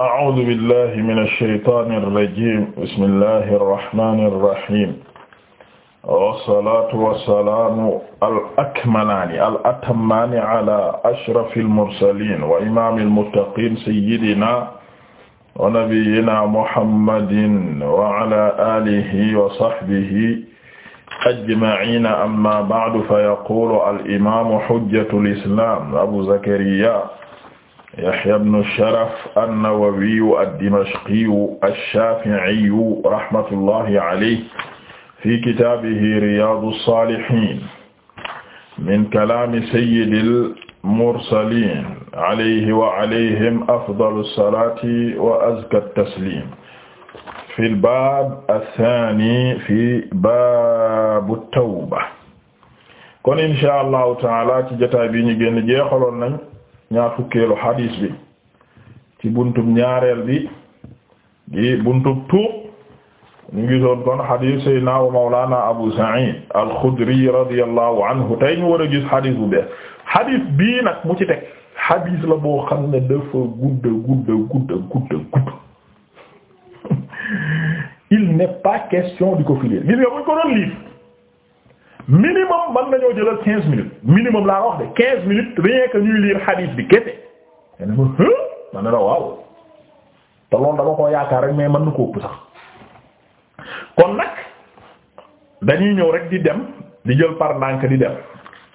أعوذ بالله من الشيطان الرجيم بسم الله الرحمن الرحيم والصلاة والسلام الأكملان الأتمان على أشرف المرسلين وإمام المتقين سيدنا ونبينا محمد وعلى آله وصحبه أجمعين أما بعد فيقول الإمام حجة الإسلام أبو زكريا Yahya ibn Sharaf an-Nawawiyu ad-Dimashqiyu ash-Shafi'iyu rahmatullahi alayhi fi kitaabihi Riyaadu s-Saalihiin min kalaami sayyidil mursaliin alayhi wa alayhim afdalu s-salaati wa azka t-tasliim fil baab ath-thaani fi baabu t-tawba kon incha allahu taala ci jotaay bi ñu génn jeexaloon nañ ñaar fukkeelu hadis bi ci buntub ñaareel bi di buntub tuub ñu ngi doon kon hadis Seydina Mawlana Abu Sa'id al-Khudri anhu tey ñu war a gis hadis bu bees hadis bii nag mu ci teg hadis la boo xam ne dafa gudda gudda gudda gudda gudd il n'est pas question di ko filir gis nga buñ ko doon minimum mën nañoo jëlal quinze minutes minimum laa wax de quinze minutes rien que ñuy lire hadith bi kese te ne ma ma ne waaw te loolu dama koo yaakaar rek mais mën na ko ëpp sax kon nag dañuy ñëw rek di dem di jël par ndànk di dem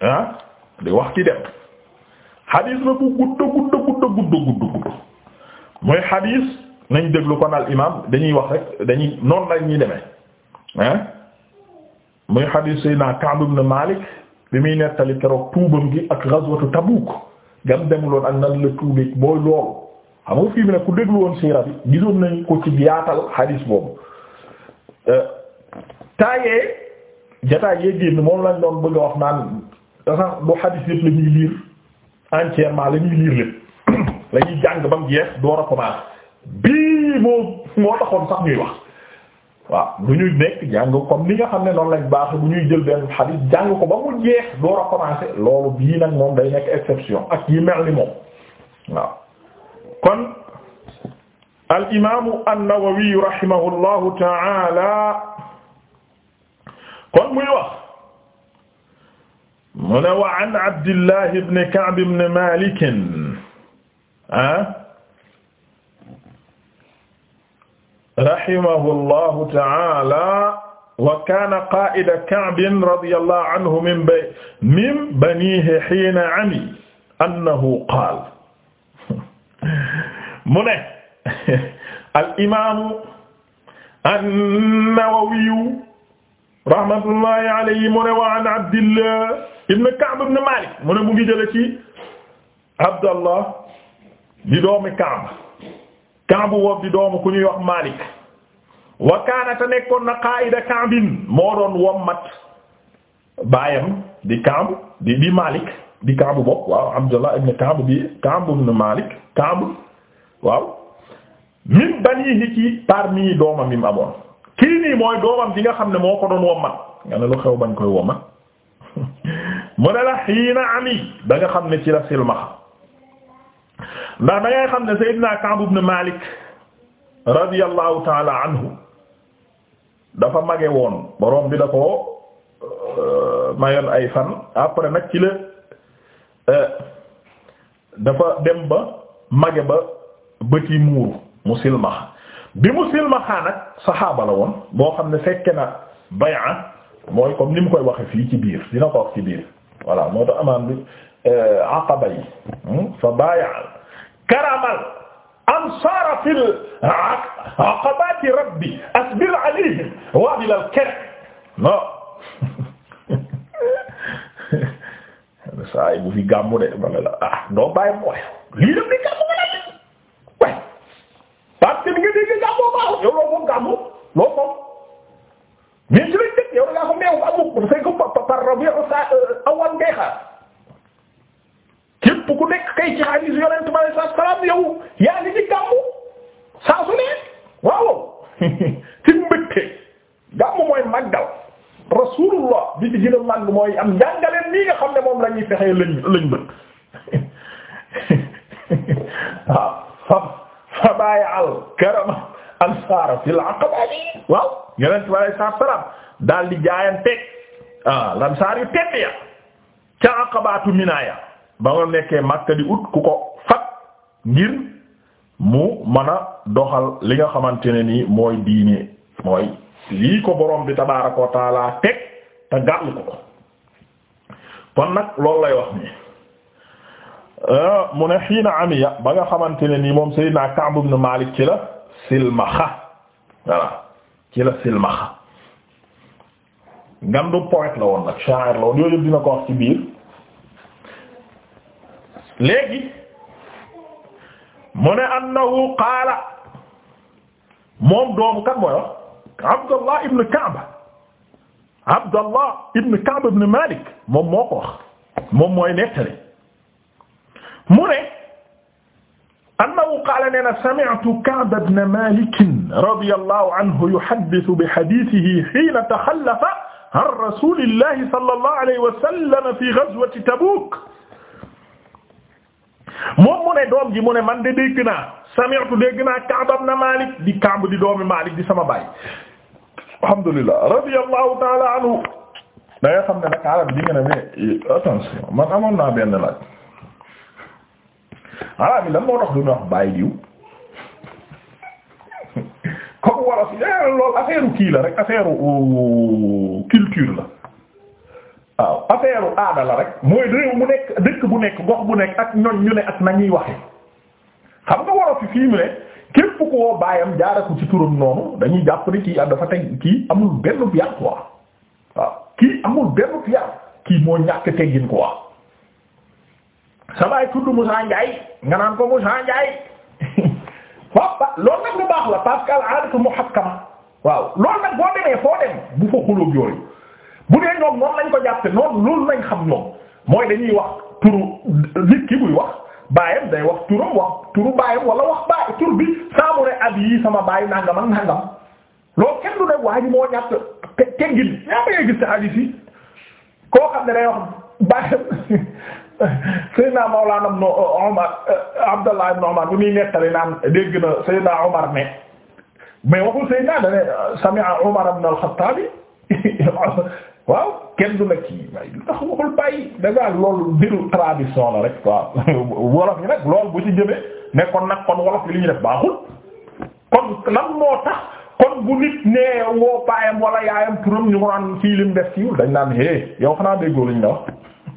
ah di wax ci dem hadith la bu gudd gudd gudd gudd gudd gudd mooy hadith nañ déglu kon al imam dañuy wax rek dañuy noonu la ñuy demee ah. muy xadiis Seydina Ka'b ibn Malik bi muy nettali keroog tuubam gi ak ghazwatu Tabuk gam demuloon ak nan la tuubeeg booy loolu xam nga fii bi nag ku déglu siira bi gisoon nañ ko ci yaatal xadiis boobu euh, taayee jataay yee moom lañ doon bëgg a wax naan da sax yëpp la ñuy lire entièrement la ñuy lépp la jàng ba mu jeex door a commencer bii moo moo taxoon sax ñuy wax waaw bu ñuy nekk jàng comme li nga xam ne noonu lañ baax bu ñuy jël benn xadiis jàng ko ba mu jeex door a commencé loolu bii nag moom day nekk exception ak yi mel ni moom waaw kon al imaamu an-Nawawi rahimahullahu ta'ala kon muy wax mu ne wa an Abdullah ibn Ka'b ibn Malik ah rahimahullahu ta'ala wa kaana qaa'ida Ka'b radiyallahu anhu min bay min baniihi hiina 'amiya annahu qaala mu ne al-imaamu an-Nawawiyu rahmatullahi alayhi mu ne wa an Abdillah ibn Ka'b ibn Maalik mu ne mu ngi jële ci Abdallah di doomi Ka'b Ka'b woof di doomu ku ñuy wax Malik wa kaana nekkoon na qaa'ida Ka'bin moo doon wommat baayam di Ka'b di di Malik di Ka'b bokk waaw Abdullah ibn Ka'b bi Ka'b ibn Malik Ka'b waaw min banihi ci parmi doomam mi mu amoon kii nii mooy doomam bi nga xam ne moo ko doon wommat nga ne lu xew bañ koy wommat mu ne la xiina ami da xam ne ci la silmaxa ndax da xam ne Seydina Ka'b ibn Malik radiyallahu taala anhu dafa mage woon boroom bi da ko euh, mayoon ay fan après nag ci la euh, dafa dem ba mage ba bëti muuru mu silmaxa bi mu silmaxaa nag saxaaba la woon boo xam ne fekke na bay'a mooy comme ni mu koy waxe fii ci biir dina ko wax ci biir voilà moo tax amaan bi euh, aqaba yi hmm, fa bay'a karamal ansaara fil aqabati rabbi asbir alayhim wa bil karam no saa yi bu fi gàmmu de ma ne la ah doo bàyyi mu waaye lii daf di gàmmu nga la waaye parce que nga dégg gàmmu baaxul yow loo moom gàmmu loo moom mais su lañ dëkk yow da ngaa ko meew amul bu fekk ko par rabiu euh, awal ngay xaar képp ku nekk kay ci xadiis yonent bi sallallahu alayhi wasallam yow yaa ngi ci gàmmu saa su ne waaw ci mbëgte mooy màggal rasulullah bi ci gën a màgg mooy am njàngaleen nii nga xam ne moom la ñuy fexee lañ lañ bët waaw fa fa bàyyi al karama ansara fil aqaba waaw yonent bi sallallahu alayhi wasallam daal di jaayante ah lansaar yu tedd ya ca aqabatu minaya ba nga nekkee Makka di ut ku ko fat ngir mu mën a doxal li nga xamante ne nii mooy diine mooy lii ko borom bi tabaaraka wa teg te gàll ko kon nag loolu lay wax nii euh, mu ne xiina amiya ba nga xamante ne nii moom Seydina Ka'b ibn Malik ci la silmaxa voilà ci la silmaxa ngandu poète la woon nag sha'ir la woon yooyu dina ko wax ci biir léegi mu ne annahu qaala moom doomu kan mooy wax Abdallah ibn Ka'b Abdallah ibn Ka'b ibn Malik moom moo ko wax moom mooy nettali mu ne annahu qaala nee na sami'tu Ka'b ibn Malik radiyallahu anhu yuhaddithu bi hadithihi hina takhallafa an rasulillahi sallallahu alayhi wa sallam fi ghazwati Tabuk moom mu ne doom ji mu ne man de dégg naa sami'tu dégg naa Ka'b ibn Malik di Ka'b di doomi Malik di sama baay alhamdulillah radiyallahu ta'ala anhu da nga xam ne nag arab bi nga ne mais euh, attention man amoon naa benn laaj arab yi lan moo tax du ñu wax baay diw comme wolof eh, loolu affaire kii la rek affaire culture la waaw affaire aada la rek mooy réew mu nekk dëkk bu nekk gox bu nekk ak ñoñ ñu ne ak nañuy waxe xam nga waro fi fii mu ne képp koo baayam jaara ci turam noonu dañuy jàpp ni kii dafa teg kii amul benn yar quoi waaw kii amul benn yar kii moo ñàkk teggin quoi sa baay tudd Moussa Ndiaye nga naan ko Moussa Ndiaye waaw ba loolu nag lu baax la parce al aadatu muhakkama waaw loolu nag boo demee foo dem bu fa xulóog yooyu bu dee ñoom noonu lañ ko jàppe noonu loolu lañ xam ñoom mooy dañuy wax turu nit ki buy wax baayam day wax turam wax turu baayam wala wax baay tur bi saa mu ab yii sama baay nangam ak nangam loolu kenn du ne waa ji moo ñàkk teggin ñaa ma gis ci hadith yi koo xam ne day wax baayam Seydina Mawlana ibn Umar Abdallah ibn Umar bu muy nettali naan dégg na Seydina Umar ne mais waxul Seydina dane sami'a Umar ibn al-Khattabi waaw kenn du la kii waaye lu tax waxul bàyyi dafa loolu mbiru tradition la rek waaw wolof yi nag loolu bu ci jëmee ne nag kon wolof yi li ñu def baaxul kon lan moo tax kon bu nit nee woo baayam yaayam turam ñu ko naan kii def kiiwul dañ naan hé yow xanaa déggoo liñ la wax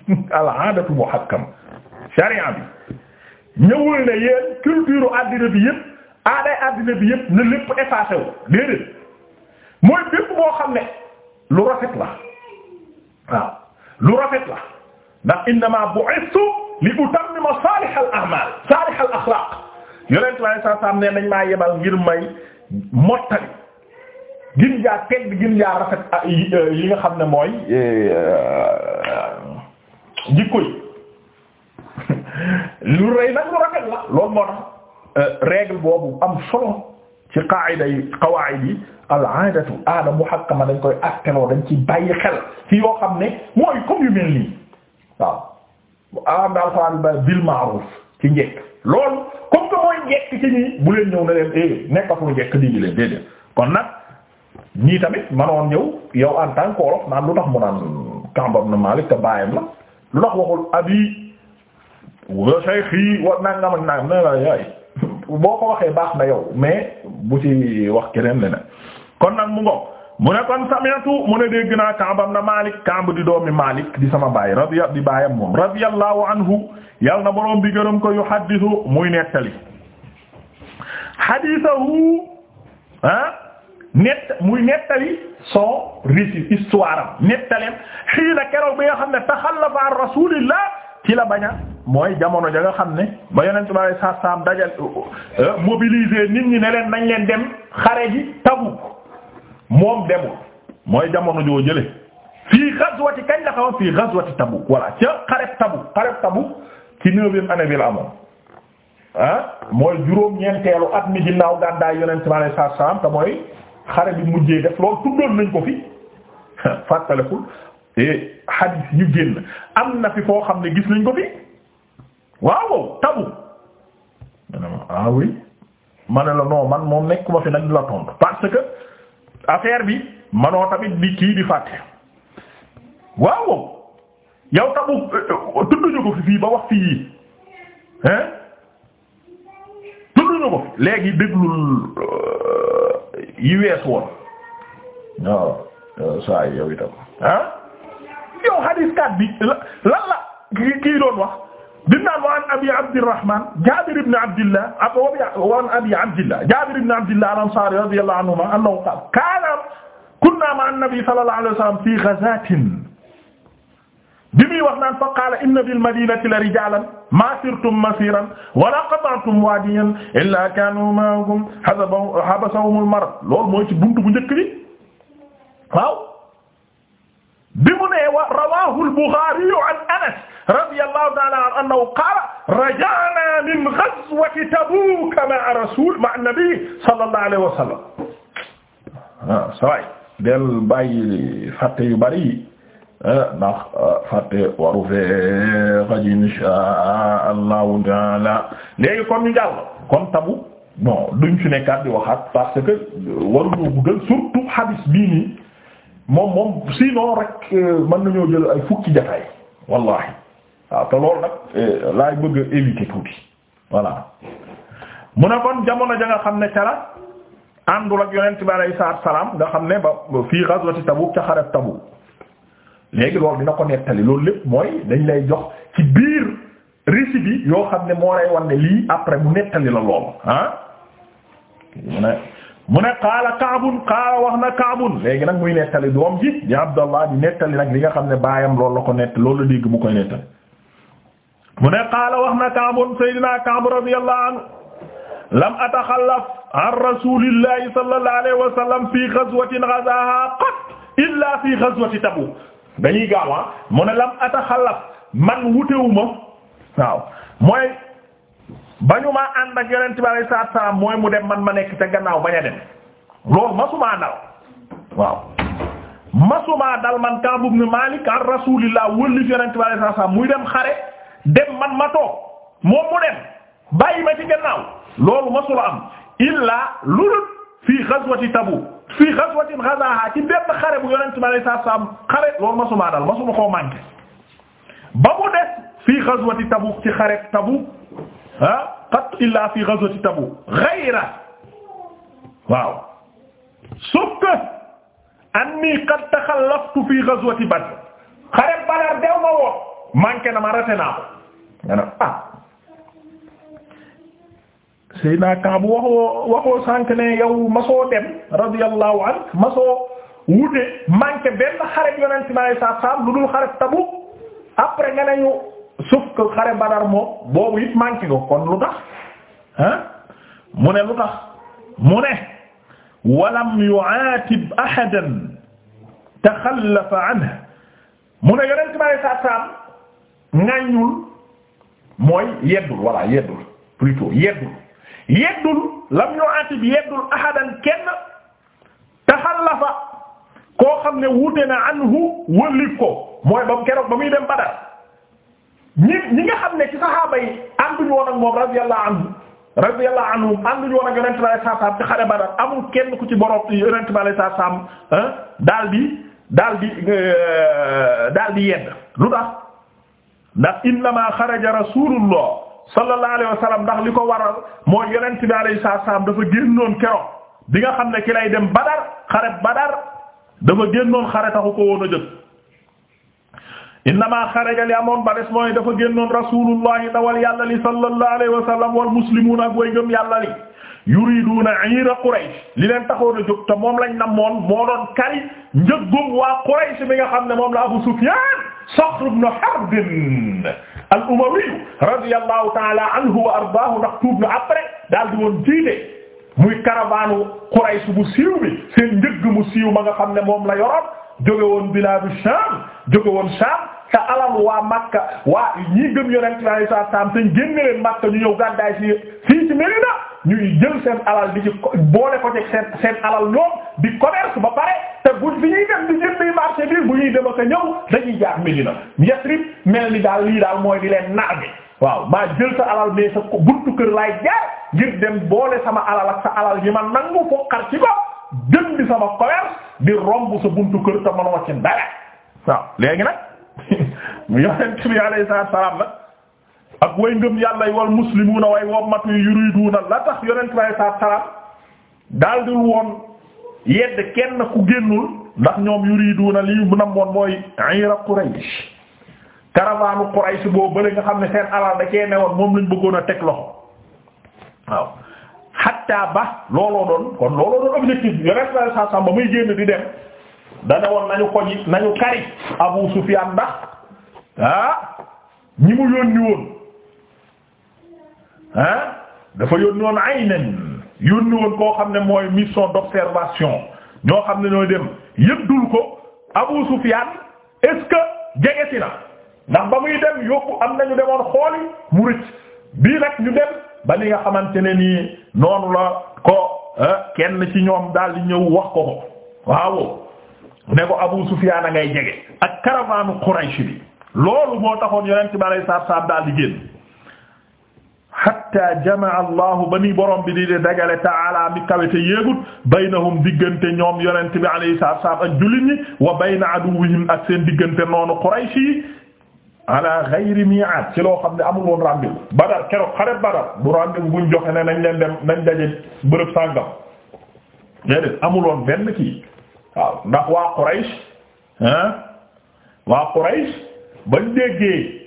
al aadatu bi ñëwul ne yéen culture àddina bi yépp aaday àddina bi yépp na lépp effacé wu déedéet mooy bépp boo xam ne lu rafet la waaw lu rafet la ndax innama bu'istu li utammima salih al a'mal salih al akhlaq yonent bi saa saa ne nañ maa yebal ngir may mottali gin jaa tedd gin jaa rafet ah, yi nga xam ne mooy eh, eh, jikko yi lu rëy lu rafet la loolu moo tax eh, boobu am solo. ci qaayida yi qawaayid yi al aadatu aada muhakkama dañ koy atteloo dañ ci bàyyi xel ci yoo xam ne mooy comme yu mel nii waaw alam daal xawaan ba bil ma'ruf ci njekk loolu comme que mooy njekk ci ñii bu leen ñëw ne leen eh, nekkatul njekk digi leen déedéet kon nag ñii tamit manoon ñëw yow en tant que wolof naan lu tax mu naan kambam na Maalik te bàyyam la lu tax waxul abi wa shaykhi wa nangam ak nangam na la yaay boo ko waxee baax na yow mais bu ci wax keneen ne kon nag mu ngo mu ne kon sami'tu mu ne dégg naa kaabam na Malik Kaab di doomi Malik di sama baay radiya di baayam moom radiyallahu anhu yal na boroom bi gërëm ko yu haddisu muy nettali hadisahu ah nett muy nettali son récit histoire am nettaleem xiina keroog bi nga xam ne taxallafa an rasulillah ci la baña mooy jamono ja nga xam ne ba yonent bi alayhi salaatu salaam dajal euh, mobiliser nit ñi ne leen nañ leen dem xare ji Tabuk moom demul mooy jamono joo jële fii ghazwati kañ la xaw fii ghazwati Tabuk voilà ca xareb Tabuk bi la amoon ah mooy juróom at mi ginnaaw gàddaay yonent bi alayhi salaatu salaam te mooy xare bi mujjee def nañ ko fi fàttalekul et hadith yu am na fi foo xam ne gis nañ ko fi. waaw tabu ah ma ne la non man moom nekkuma fi nag la tontu parce que affaire bi manoo tamit bi kii di fàtte waaw yow tabu euh, tudduñu ko fi fii ba wax fii hein tudduñu ko fi léegi déglul euh, woon waaw euh, saa yow itam ah yow hadis kat bi lan la kii doon wax. bi mu naan wa an abi abdirrahman jabir ibn abdillah ak wa an abi abdillah jabir ibn abdillah al-ansari radiyallahu anhuma annahu qaala kaana kunna ma'a an-nabi sallallahu alayhi wa sallam fi ghazatin bi muy wax naan fa qaala inna bil madinati la rijalan ma sirtum masiran wala qata'tum wadiyan illa kanu ma'akum habasahum al-marad loolu mooy ci buntu bu njëkk bi waaw bi mu ne wa rawahu al-Bukhari an Anas radiyallahu ta'ala anhu annahu qaala raja'na min ghazwati Tabuk ma'a rasul ma'a nabi sallallahu alayhi wa sallam ah, waaw saway del bàyyi fàtte yu bari ah, ndax ah, fàtte waru fee xaj insha allahu taala léegi kon ñu jàll kon tabu bon duñ ci nekkaat di waxaat parce que waruñoo guddal surtout hadis bii nii moom moom sinon rek euh, mën nañoo jël ay fukki jataay wallahi waaw te loolu nag euh, laay bëgg éviter tuuti voilà mu ne kon jamono ja nga xam ne cala àndul ak yonent bi sa salaatu salaam nga xam ne ba fii ghazwati Tabuk ca xareb Tabuk léegi loolu dina ko nettali loolu lépp mooy dañ lay jox ci biir récit bi yoo xam ne moo lay wan ne lii après mu nettali la loolu ah. mu ne qaala kaabun qaala wax na kaabun léegi nag muy nettali doom ji di abdallah di nettali nag li nga xam ne baayam loolu la ko nett loolu la dégg mu koy nettali mu ne qaala wax na kaabun sayyidina kaab radiyallahu anhu lam ataxallaf an rasulillahi sallallahu alayhi wa sallam fi ghazwatin ghazaha qat illa fi ghazwati tabuk dañuy gaawa ah. mu ne lam ataxallaf man wutewuma waaw mooy ba ñu maa ànd ak yonent bi alayhi salaatu salaam mooy mu dem man ma nekk ca gannaaw bañ a dem loolu masumaa dal waaw masumaa dal man Kaab ibn Maalik ar Rasuulillah wëlli yonent bi alayhi salaatu salaam muy dem xare dem man ma toog moom mu dem bàyyi ma ci gannaaw loolu masula am illaa lulut fii ghazwati Tabuk fii ghazwatin ghazaha ci benn xare bu yonent bi alayhi salaam xare loolu masumaa dal masuma koo manqué ba mu des fii ghazwati Tabuk ci xare ah qat illa fi ghazwati Tabuk ghayra waaw sauf que anni qad takhallaftu fi ghazwati Badr xare Badar dew ma woon manqué na ma raté naa ko nga ne ah Seydina Kaabu waxoo waxoo sànq ne yow masoo dem radiyallahu anhu masoo wute manqué benn xare Yonent bi sallallahu alayhi wasallam lu dul xare Tabuk après nga ne ñu sauf que xare badar moom boobu it manqué kon lu tax mu ne lu tax mu ne walam yu'atib ahadan taxallafa anhu mu ne yonent bi saa saam ŋàññul mooy yeddul walla yeddul plutôt yeddul yeddul lam yu'atib yeddul ahadan kenn taxallafa koo xam ne wute na anhu wëllit ko mooy ba mu keroog ba muy dem badar ñi ñi nga xam ne ci saxaaba yi ànduñu woon ak moom radiyallahu anhu radiyallahu anhu ànduñu woon ak yonent bi alayhi salaam ci xare Badar amul kenn ku ci borom yonent bi alayhi salaam daal di daal di euh, daal di yedd lu tax ndax innama xaraja rasulullah sallallahu alayhi wa sallam ndax li ko waral mooy yonent bi alayhi salaam dafa génnoon keroog bi nga xam ne ki lay dem Badar xare Badar dafa génnoon xare taxu ko woon a jëkk innama xaraja li amoon ba des mooy dafa génnoon rasulullahi dawal yàlla li sallallahu alayhi wa sallam wal muslimuuna ak way ngëm yàlla li yuriduuna iira Quraysh li leen taxoon a jóg te moom lañ namoon moo doon kari njëggum waa Quraysh mi nga xam ne moom la Abu Sufyaan Saxr ibn Harb al-Umawi radiyallahu ta'ala anhu wa ardaahu ndax tuub na après daal di woon jiite muy caravane Quraysh bu siiw bi seen njëgg mu siiw ma nga xam ne moom la yoroon jóge woon bilaadu Sham jóge woon Sham te alal waa Makka waa ñii gëm yonent bi alayhi salaam te ñu génne leen Makka ñu ñëw gàddaay si fii ci Medina ñuy jël seen alal di ci boole ko ci seen alal ñoom di commerce ba pare te buñ bi ñuy dem di jënd marché bi bu ñuy dem ak a ñëw dañuy jaar Medina Yasrib mel ni daal lii daal mooy di leen nar bi waaw maa jël sa alal mais sa buntu kër laay jaar ngir dem boole sama alal ak sa alal yi ma nangu foqar ci ko. jën bi sama commerce di romb sa buntu kër te manoo ci dara waaw léegi nag yonent bi alayhi salaam nag ak way ngëm yàlla wal muslimuuna way wommatu yuriduuna la tax yonent bi alayhi salaam daal di woon yedd kenn ku génnul ndax ñoom yuriduuna lii bu nam woon mooy ayra Quraysh karavaanu Quraysh boo bële nga xam ne seen alal da cee newoon moom lañ bëggoon a teg loxo waaw xatta ba looloo doon kon looloo doon objectif bi yonent bi sallallahu ba muy génn di dem dana woon nañu xoji nañu kari Abu Sufyaan ndax ah ñi mu yónni woon ah dafa yónni woon aynan yónni woon koo xam ne mooy mission d'observation ñoo xam ne ñooy dem yëpp dul ko Abu Sufyaan est jege si na ndax ba muy dem yóbbu am nañu demoon xooli mu rëcc bii nag ñu dem ba ni nga xamante ne nii noonu la ko eh, kenn ci ñoom daal di ñëw wax ko ko waaw ne ko Abu Sufyaan a ngay jege ak caravane Quraysh bi loolu moo taxoon yonent bi alayhi salaatu salaam daal di génn hatta jamaa allahu ba ni borom bi di de dagale taala mi kawete yéegut baynahum diggante ñoom yonent bi alayhi salaatu salaam ak jullit ñi wa bayna aduwwihim ak seen diggante noonu Quraysh ala ghayri mi'at ci loo xam ne amul woon rendez-vous badar keroog xare badar du rendez-vous buñ joxe ne nañ leen dem nañ daje bërëb sàngam déedéet amul woon benn kii waaw ndax waa Quraysh hein waa Quraysh bañ déggee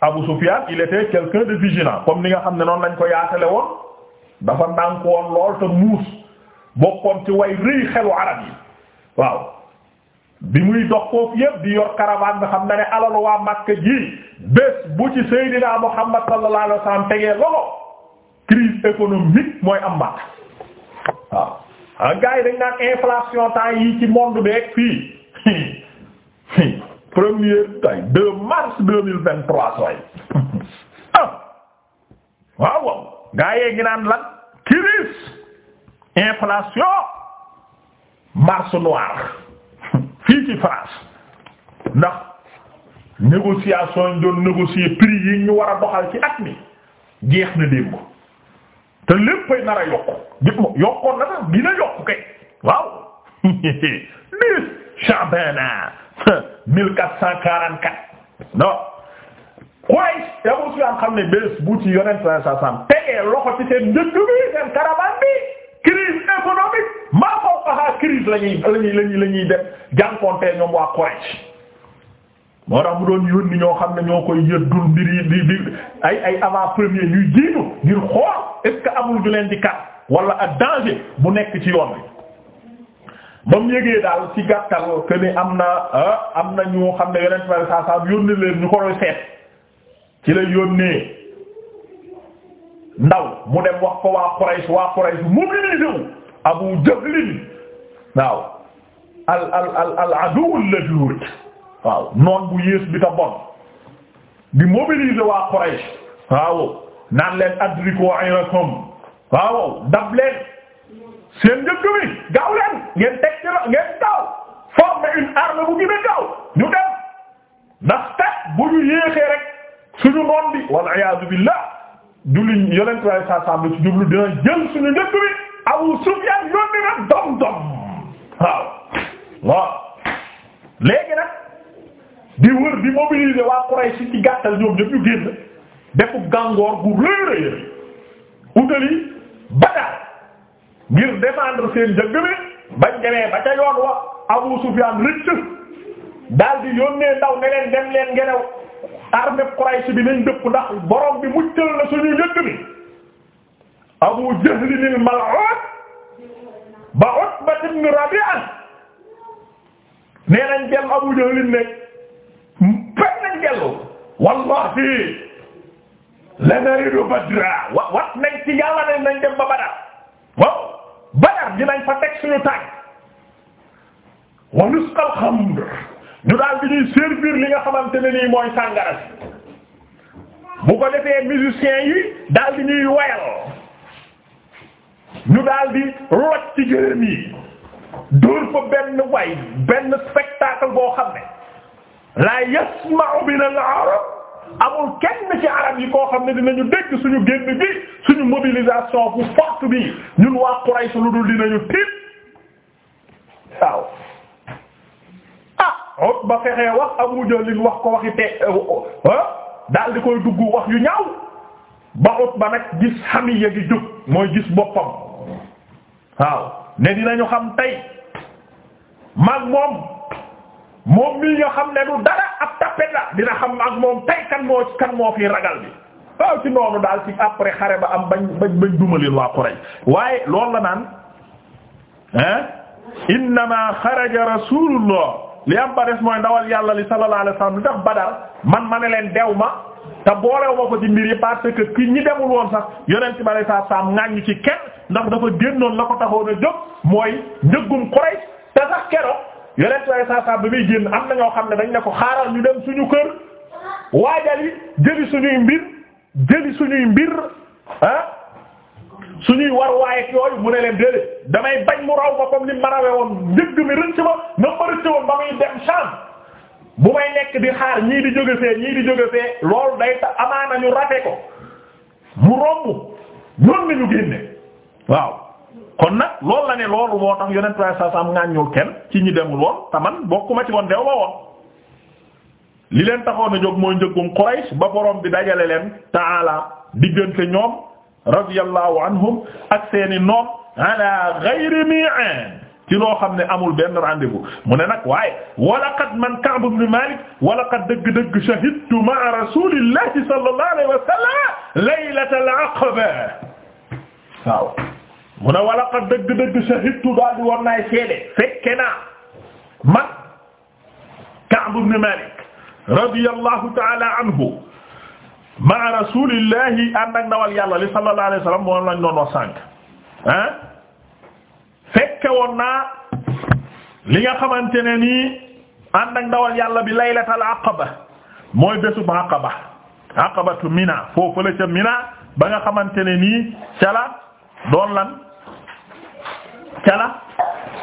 Abu Sufyan il était quelqu'un de vigilant comme ni nga xam ne noonu lañ ko yaatale woon dafa ndànk woon lool te muus bokkoon ci way rëy xelu arab yi waaw bi muy dox foofu yépp yor caravane nga xam waa Makka ji bés bu ci Seydina Muhammad sallallahu alayhi wa sallam tegee loxo crise économique mooy am Makka waaw ah gars yi dañ naan yi ci monde beeg fii premier tay 2 mars 2023 sooy ah waaw waaw gars yee ngi naan lan crise inflation mars noir ci France ndax négociation yi doon négocier prix yi ñu war a doxal ci at mi jeex na démb te léppay nar a yokk yëpp yokkoon na sax dina yokk kay waaw dix Chabana mille quatre cent quarante quatre non Quraysh Abu Sufyaan xam ne bés bu ci yonent sa sa sam tegee loxo ci seen njëkk bi seen caravane bi crise économique maa ko waxaa crise lañuy lañuy lañuy la ñuy def ñoom waa Quraysh moo tax mu doon yónni ñoo xam ne ñoo koy yëddul mbir yi di di ay ay avant premier ñuy jiitu ngir xool est amul du di kat wala ak danger bu nekk ci yoon bi ba mu yëgee daal ci gàttal que ni am na ah, am na ñu xam ne yeneen saa saa yónni leen ñu ko doon seet ci la yónnee. ndaw mu dem wax ko waa Quraysh waa Quraysh mobilisé wu Abu Jahl waaw al al al al aduw al-ladud waaw noon bu yées bi ta bon di waa Quraysh waaw naan leen adriku ayrakum waaw dab leen seen njëkk bi gaaw leen ngeen teg ngeen gaaw former une arme bu gën a dem ndax bu ñu yéexee rek suñu noon bi wal iyaazu billah julli yonent waaye saa saa ci jublu dina jël suñu njëkk bi Abu Sufyaan yónni na dom dom waaw waaw léegi nag di wër di mobiliser waa Quraysh ci gàttal ñoom ñëpp ñu génn defu gàngoor gu rëy rëy utali bataar ngir défendre seen njëkk bi bañ demee ba ca yoon wa Abu Sufyaan rëcc daal di yónnee ndaw ne leen dem leen armée Quraysh bi nañ dëpp ndax borom bi muccal na suñu yëkk bi Abu Jahl al mal'un ba Utba ibn Rabi'a nee nañ dem Abu Jahl ne pet nañ dellu wallahi la naridu Badra wa wat nañ ci Yàlla ne nañ dem ba Badar waaw Badar dinañ fa teg suñu tànk wa nusqa al-khamr ñu daal bi ñuy servir li nga xamante ne nii mooy sàngara bu ko defee musiciens yi daal di ñuy wayal ñu daal di ci gërëm yi dóor fa benn way benn spectacle boo xam ne la yasma'u bina al-arab amul kenn ci arab yi koo xam ne dinañu dégg suñu génn bi suñu mobilisation bu forte bi ñun waa Quraysh lu dul dinañu tiit waaw Oh, ba fexee wax Abu Jahl wax ko waxi te eh, ah, daal di koy dugg wax yu ñaaw ba ba nag gis Hamiya gi jóg mooy gis boppam waaw ne dinañu xam tey mag moom moom mii nga xam ne du dara ab tapet la dina xam mag moom tey kan moo kan moo fi ragal bi waaw ci noonu daal ci après xare ba am bañ bañ bañ dumaleen waa Quraysh waaye loolu la naan ah innama xaraja rasulullah li am ba des mooy ndawal yàlla li sallallahu alayhi wasallam li tax Badar man ma ne leen dew ma te boolew ma ko ci mbir yi parce que ki ñi demul woon sax yonent ba ne saa saam ŋaññu ci kenn ndax dafa génnoon la ko taxoon a jóg mooy njëggum Quraysh te sax keroog yonent ba ne saa saam bi muy génn am na ñoo xam ne dañ ne ko xaaral ñu dem suñu kër waajal yi jëli suñuy mbir jëli suñuy mbir ah. suñuy war waaye yooyu mu ne leen déedéet damay bañ mu raw ma comme ni ma woon njëgg mi rëcc ma na ma rëcc woon ba muy dem Sham bu may nekk di xaar ñii di jóge fee ñii di jóge fee loolu day amaana ñu rate ko mu romb ñoom nañu génne waaw kon nag loolu la ne loolu moo tax yonent waaye sa sam ngàññul kenn ci ñi demul woon te man bokkuma ci woon dew ma woon li leen taxoon a jóg mooy njëggum Quraysh ba borom bi dajale leen taala diggante ñoom radiyallahu anhum ak seeni noon ala ghayri mi'an ci loo xam ne amul benn rendez-vous mu ne nag waaye walaqad man Ka'b ibn Malik walaqad dëgg-dëgg shahidtu ma'a rasulillahi sallallahu alayhi wa sallam laylatal aqaba waaw mu ne walaqad dëgg-dëgg shahidtu daal di war naay seede fekke naa man Ka'b ibn Malik radiyallahu ta'ala anhu maa rasulillahi ànd ak ndawal yàlla li sallallahu alayhi wasallam moom lañ doon wax sànq ah fekke woon naa li nga xamante ne nii ànd ak ndawal yàlla bi laylatal aqaba mooy bésub aqaba aqabatu mina foofu la ca mina ba nga xamante ne nii ca la doon lan ca la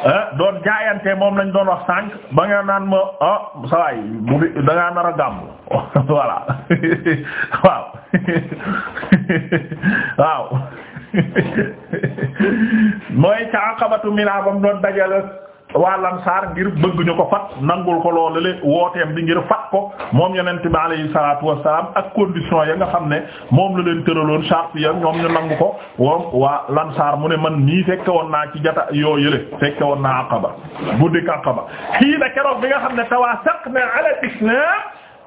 eh, doon jaayante moom lañ doon wax sànq ba nga naan ma ah sawaay bu di da ngaa nar waaw waaw mooy ca aqabatu Mina bam doon dajale waa lansaar ngir bëgg ñu ko fat nangul ko loolu le wooteem bi ngir fat ko moom yonent bi alayhi salaatu wassalaam ak condition ya nga xam ne moom la leen tëraloon charte ya ñoom ñu nangu ko woom waa lansaar mu ne man nii fekke woon naa ci jata yoo yële fekke woon naa ba bu dikk Aqaba ba na keroog bi nga xam ne tawaasaqna ala islam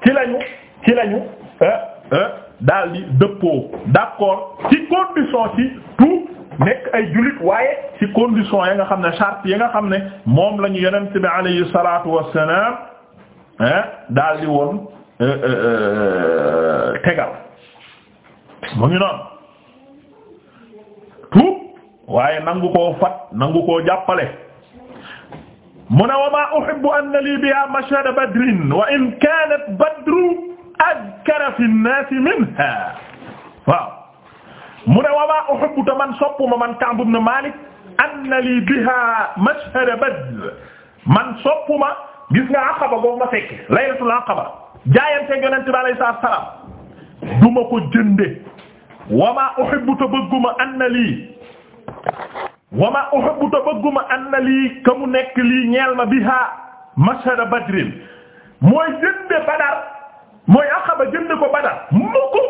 ci lañu ci lañu eh, eh, daal di dëppoo d'accord ci condition ci tout nekk ay jullit waaye ci condition ya nga xam ne charte ya nga xam ne moom la ñu yonent bi alayhi salaatu wassalaam daal di woon euh, euh, euh, tegal mu ngi noonu tuub waaye nangu koo fat nangu koo jàppale mu ne wa ma uhibbu an li biha mashhad badrin wa in kanat badru adkara fi an-nas minha waaw mu ne wa maa uhibbu te man soppuma man Ka'b ibn Malik anna lii biha mashhad Badr man soppuma gis nga Aqaba boobu ma fekk laylatul Aqaba jaayante Yonent bi alayhi salaam duma ko jënde wa maa uhibbu te bëgguma anna lii wa maa uhibbu te bëgguma anna lii ka mu nekk lii ñeel ma biha mashhad Badr mooy jënde Badar mooy Aqaba jënde ko Badar mu ko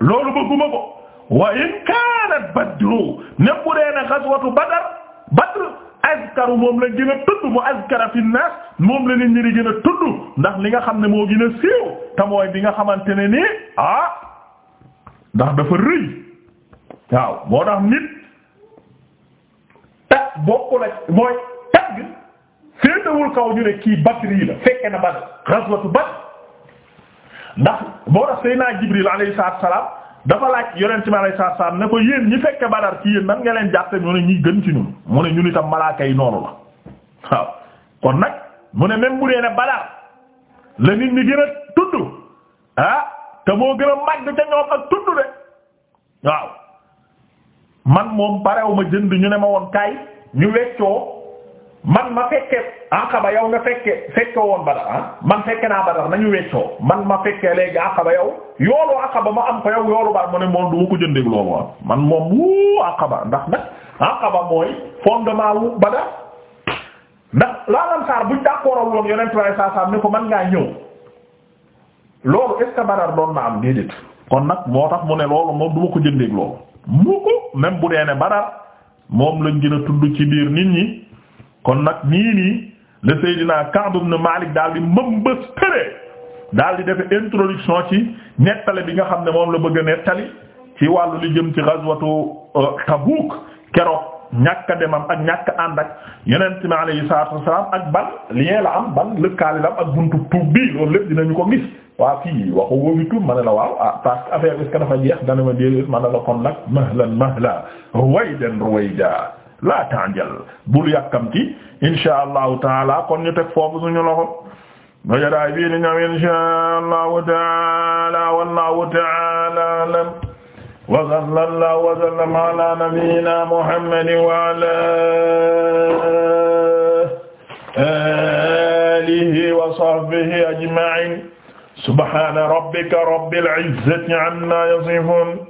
loolu bëgguma ko wa in kaanat badru ne bu dee ne ghazwatu badar badr azkaru moom la gën a tudd mu azkara fi naas moom la nit ñi di gën a tudd ndax li nga xam ne moo gën a siiw te mooy bi nga xamante ne nii ah ndax dafa rëy waaw moo tax nit ta bokk la mooy tagg féetewul kaw ñu ne kii badri la fekke na badr ghazwatu badr ndax moo tax Seydina Jibril alayhi salaam dafa laaj yonent bi alayhi salaam ne ko yéen ñi fekke Badar ci yéen nan nga leen jàppe mu ne ñi gën ci ñun mu ne ñun itam malaaka yi noonu la waaw kon nag mu ne même bu dee ne Badar la nit ñi gën a tudd ah te moo gën a màgg ca ñoom ak tudd de waaw man moom parew ma jënd ñu ne ma woon kaay ñu weccoo man ma fekke Aqaba yow nga fekke fekke woon Badar ah? man fekke naa Badar nañu weccoo man ma fekke léegi Aqaba yow yoolu Aqaba ma am ko yow yoolu bar mu ne moom duma ko jëndee loolu ah. man moom wuu Aqaba ndax nag mooy fondement wu buñ d'accord woon yonent ko man ngaa ñëw loolu est-ce que Badar kon nag moo tax mu ne loolu moom ko jëndee bu dee ne Badar moom lañ gën a tudd ci biir nit ñi. kon nag nii nii le Seydina Ka'b ibn Malik daal di mëmbës tëre daal di def introduction ci nettali bi nga xam ne moom la bëgg a nettali ci wàllu li jëm ci ghazwatu euh, Tabuk keroog ñàkk a demam ak ñàkk a ànd ak Yonent mi alayhi salaatu wassalaam ak ban lien la am ban lëkkaali la ak buntu tuub bi loolu lépp dinañu ko gis. waa fii waxu wóobi tuub ma ne la waaw ah parce que affaire est-ce jeex dana ma déedéet ma ne la kon nag mahlan mahla ruwaydan ruwayda la ta'jal bul yàkkamti insha allahu taala kon ñu teg foofu suñu loxo no jotaay bii ni ñëw insha allahu taala wallahu taala alam wa sallallahu wa sallama ala nabiyyina muhammadin wa ala alihi wa sahbihi ajma'in subhana rabbika rabbil izzati amma yasifun